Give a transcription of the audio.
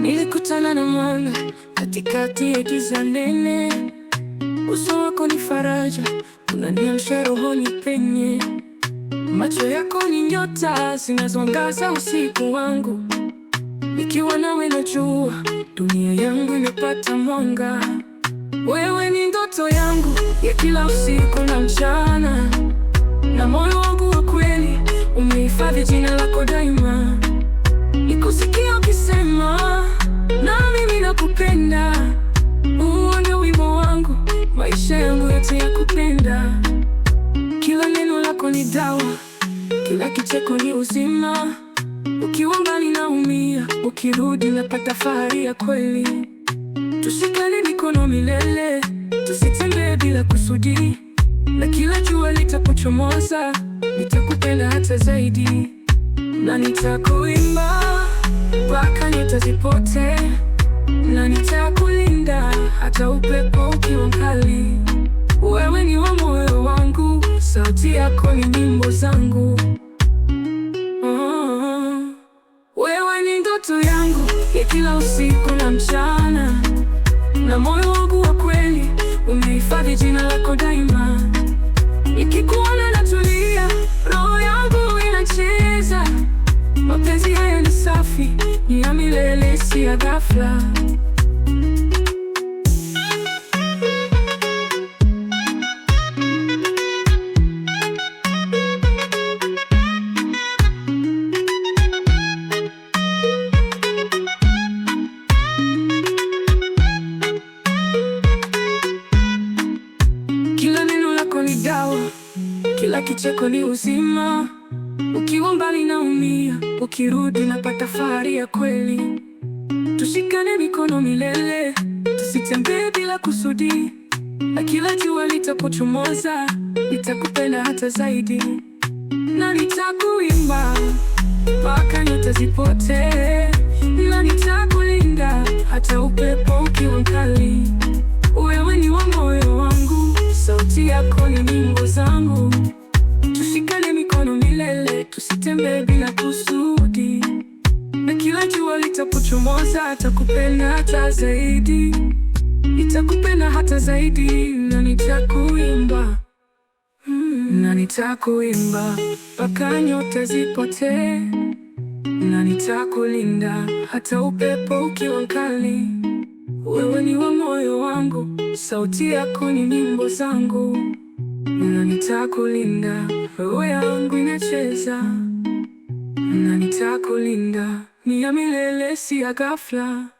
Nilikutana na mwanga katikati ya giza nene. Uso wako ni faraja, unaniamsha rohoni penye. Macho yako ni nyota zinazoangaza usiku wangu. Nikiwa nawe najua dunia yangu imepata mwanga. Wewe ni ndoto yangu ya kila usiku na mchana, na moyo wangu wa kweli umehifadhi jina lako daima. yote ya kupenda. Kila neno lako ni dawa, kila kicheko ni uzima. Ukiwa mbali naumia, ukirudi napata fahari ya kweli. Tushikane mikono milele, tusitembee bila kusudi, na kila jua litapochomoza, nitakupenda hata zaidi, na nitakuimba mpaka nyota zipote, na nitakulinda hata upepo ukiwa mkali wewe ni wa moyo wangu, sauti yako ni nyimbo zangu. Oh, wewe ni ndoto yangu ya kila usiku na mchana, na moyo wangu wa kweli umehifadhi jina lako daima. Nikikuona natulia, roho yangu inacheza. Mapenzi haya ni safi, ni ya milele, si ya ghafla. ni dawa, kila kicheko ni uzima. Ukiwa mbali naumia, ukirudi napata fahari ya kweli. Tushikane mikono milele, tusitembee bila kusudi, na kila jua litapochomoza nitakupenda hata zaidi, na nitakuimba mpaka nyota zipotee, na nitakulinda hata upepo yako ni nyimbo zangu, tushikane mikono milele, tusitembee bila kusudi, na kila jua litapochomoza takupenda hata zaidi, nitakupenda hata zaidi, na nitakuimba mm, na nitakuimba mpaka nyota zipotee, na nitakulinda hata upepo ukiwa mkali, wewe ni wa moyo wangu sauti yako ni nyimbo zangu, na nitakulinda. Roho yangu inacheza, na nitakulinda, ni ya milele, si ya ghafla.